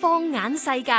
放眼世界，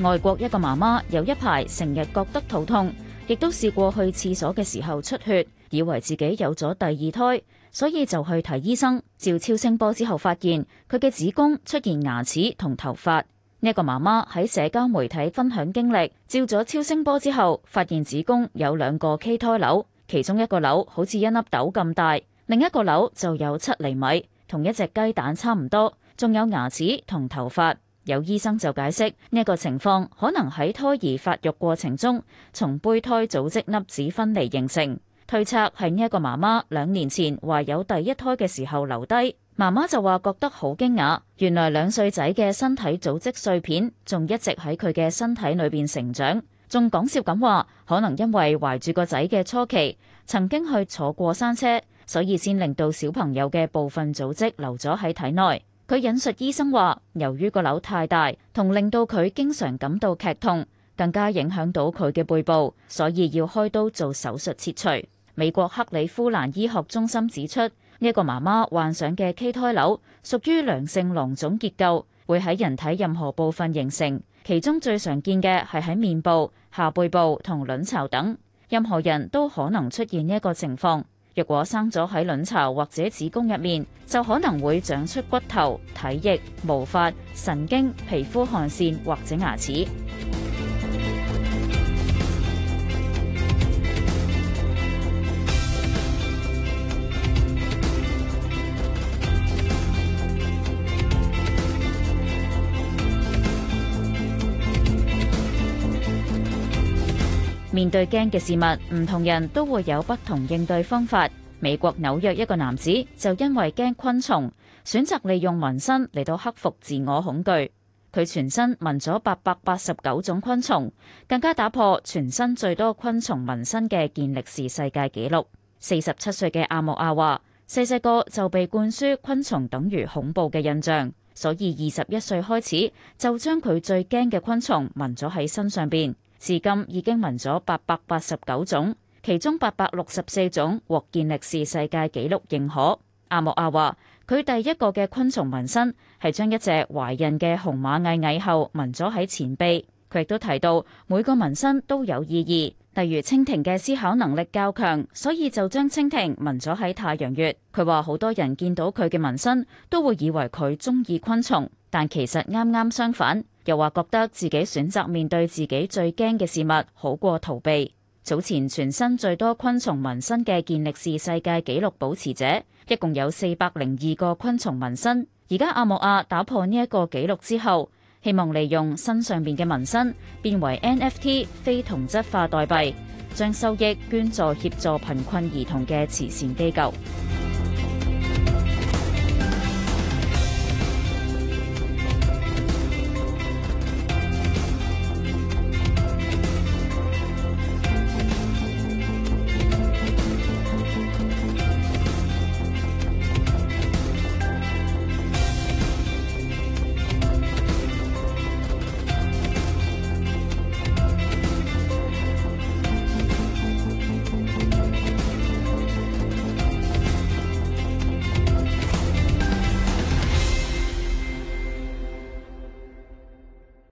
外國一個媽媽有一排成日覺得肚痛，亦都試過去廁所嘅時候出血，以為自己有咗第二胎，所以就去睇醫生。照超聲波之後，發現佢嘅子宮出現牙齒同頭髮。呢一個媽媽喺社交媒體分享經歷，照咗超聲波之後，發現子宮有兩個畸胎瘤，其中一個瘤好似一粒豆咁大，另一個瘤就有七厘米，同一隻雞蛋差唔多。仲有牙齒同頭髮。有醫生就解釋呢一個情況可能喺胎兒發育過程中，從胚胎組織粒子分離形成，推測係呢一個媽媽兩年前懷有第一胎嘅時候留低。媽媽就話覺得好驚訝，原來兩歲仔嘅身體組織碎片仲一直喺佢嘅身體裏邊成長，仲講笑咁話，可能因為懷住個仔嘅初期曾經去坐過山車，所以先令到小朋友嘅部分組織留咗喺體內。佢引述醫生話，由於個瘤太大，同令到佢經常感到劇痛，更加影響到佢嘅背部，所以要開刀做手術切除。美國克里夫蘭醫學中心指出，一個媽媽患上嘅畸胎瘤屬於良性囊腫結構，會喺人體任何部分形成。其中最常見嘅係喺面部、下背部同卵巢等。任何人都可能出現呢一個情況。若果生咗喺卵巢或者子宮入面，就可能會長出骨頭、體液、毛髮、神經、皮膚、汗腺或者牙齒。面對驚嘅事物，唔同人都會有不同應對方法。美國紐約一個男子就因為驚昆蟲，選擇利用紋身嚟到克服自我恐懼。佢全身紋咗八百八十九種昆蟲，更加打破全身最多昆蟲紋身嘅健力士世界紀錄。四十七歲嘅阿木亞話，細細個就被灌輸昆蟲等於恐怖嘅印象，所以二十一歲開始就將佢最驚嘅昆蟲紋咗喺身上邊。至今已經紋咗八百八十九種，其中八百六十四種獲健力士世界紀錄認可。阿莫亞話：佢第一個嘅昆蟲紋身係將一隻懷孕嘅紅螞蟻蟻后紋咗喺前臂。佢亦都提到每個紋身都有意義，例如蜻蜓嘅思考能力較強，所以就將蜻蜓紋咗喺太陽穴。佢話好多人見到佢嘅紋身都會以為佢中意昆蟲，但其實啱啱相反。又話覺得自己選擇面對自己最驚嘅事物，好過逃避。早前全身最多昆蟲紋身嘅健力士世界紀錄保持者，一共有四百零二個昆蟲紋身。而家阿莫亞打破呢一個紀錄之後，希望利用身上邊嘅紋身變為 NFT 非同質化代幣，將收益捐助協助貧困兒童嘅慈善機構。